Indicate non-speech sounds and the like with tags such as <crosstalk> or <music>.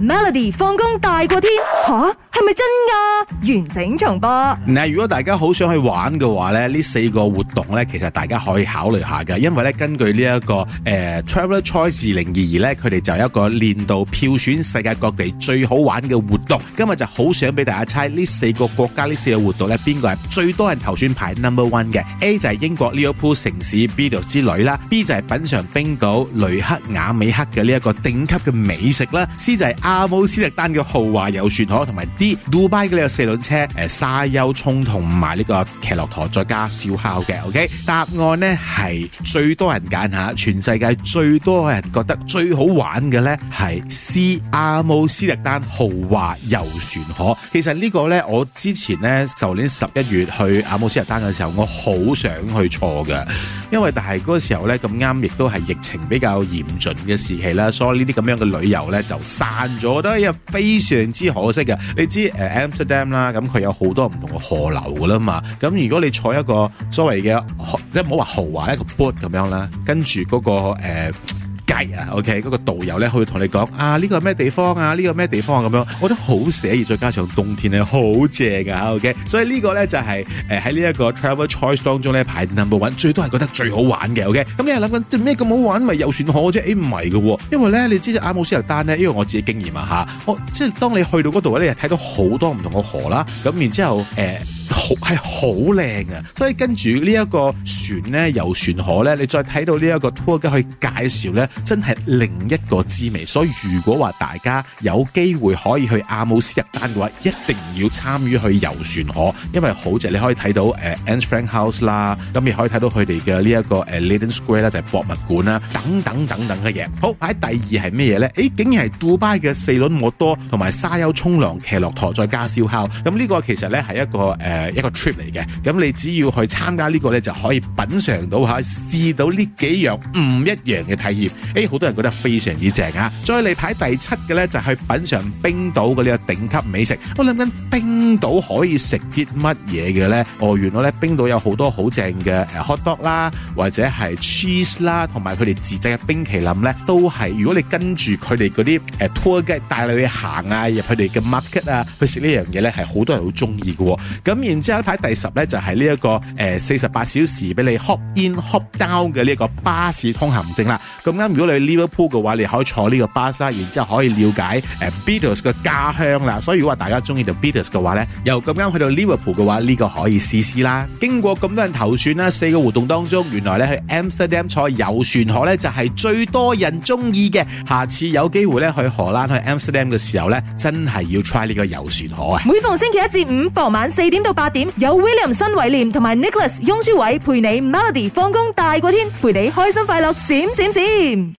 Melody 放工大過天吓，係咪真噶？完整重播。嗱，如果大家好想去玩嘅話咧，呢四個活動咧，其實大家可以考慮下噶。因為咧，根據呢、這個呃、一個誒 Travel Choice 二零二二咧，佢哋就有一個年度票選世界各地最好玩嘅活動。今日就好想俾大家猜呢四個國家呢四個活動咧，邊個係最多人投選排 number one 嘅？A 就係英國 Liverpool 城市 video 之旅啦，B 就係品嚐冰島雷克雅未克嘅呢一個頂級嘅美食啦，C 就係。阿姆斯特丹嘅豪華遊船河同埋 D Dubai 嘅呢個四輪車，誒，沙丘衝同埋呢個騎駱駝，再加燒烤嘅，OK？答案呢係最多人揀吓，全世界最多人覺得最好玩嘅呢係 C 阿姆斯特丹豪華遊船河。其實呢個呢，我之前呢，舊年十一月去阿姆斯特丹嘅時候，我好想去坐㗎。 <laughs> 因為但係嗰時候咧，咁啱，亦都係疫情比較嚴峻嘅時期啦，所以呢啲咁樣嘅旅遊咧就散咗，我覺得非常之可惜嘅。你知、啊、Amsterdam 啦，咁佢有好多唔同嘅河流噶啦嘛，咁如果你坐一個所謂嘅即係唔好話豪華一個 boat 咁樣啦，跟住嗰、嗰個、呃係啊，OK，嗰個導遊咧可以同你講啊，呢個係咩地方啊，呢個咩地方啊咁樣，我覺得好寫意，再加上冬天咧好正啊，OK，所以個呢、就係呃、個咧就係誒喺呢一個 travel choice 當中咧排 number、no. one，最多人覺得最好玩嘅，OK，咁你又諗緊即咩咁好玩？咪遊船河啫？誒唔係噶，因為咧你知阿姆斯特丹咧，因為我自己經驗啊吓，我即係當你去到嗰度咧，你睇到好多唔同嘅河啦，咁然之後誒。呃好係好靚啊！所以跟住呢一個船咧遊船河咧，你再睇到呢一個 tour 嘅去介紹咧，真係另一個滋味。所以如果話大家有機會可以去阿姆斯特丹嘅話，一定要參與去遊船河，因為好正，你可以睇到誒、呃、Anne Frank House 啦，咁亦可以睇到佢哋嘅呢一個誒、呃、Linden Square 啦，就係博物館啦，等等等等嘅嘢。好，喺第二係咩嘢咧？誒，竟然係杜拜嘅四輪摩多同埋沙丘沖涼、騎駱駝再加燒烤。咁呢個其實咧係一個誒。呃誒，一個 trip 嚟嘅，咁你只要去參加呢個呢，就可以品嘗到吓，試到呢幾樣唔一樣嘅體驗。誒、欸，好多人覺得非常之正啊！再嚟，排第七嘅呢，就是，去品嘗冰島嗰啲嘅頂級美食。我諗緊冰島可以食啲乜嘢嘅呢？哦，原來呢，冰島有好多好正嘅誒 hotdog 啦，或者係 cheese 啦，同埋佢哋自製嘅冰淇淋呢，都係如果你跟住佢哋嗰啲誒 tour guide 帶你去行啊，入佢哋嘅 market 啊，去食呢樣嘢呢，係好多人好中意嘅。咁然之後一排第十咧就係呢一個誒四十八小時俾你 Hop In Hop Out 嘅呢一個巴士通行證啦。咁啱如果你去 Liverpool 嘅話，你可以坐呢個巴士啦。然之後可以了解誒、呃、Beatles 嘅家鄉啦。所以如果話大家中意 The Beatles 嘅話咧，又咁啱去到 Liverpool 嘅話，呢、這個可以試試啦。經過咁多人投選啦，四個活動當中，原來咧去 Amsterdam 坐遊船河咧就係、是、最多人中意嘅。下次有機會咧去荷蘭去 Amsterdam 嘅時候咧，真係要 try 呢個遊船河啊！每逢星期一至五傍晚四點到。八點有 William 新偉廉同埋 Nicholas 雍舒偉陪你 Melody 放工大過天，陪你開心快樂閃閃閃，閃閃閃。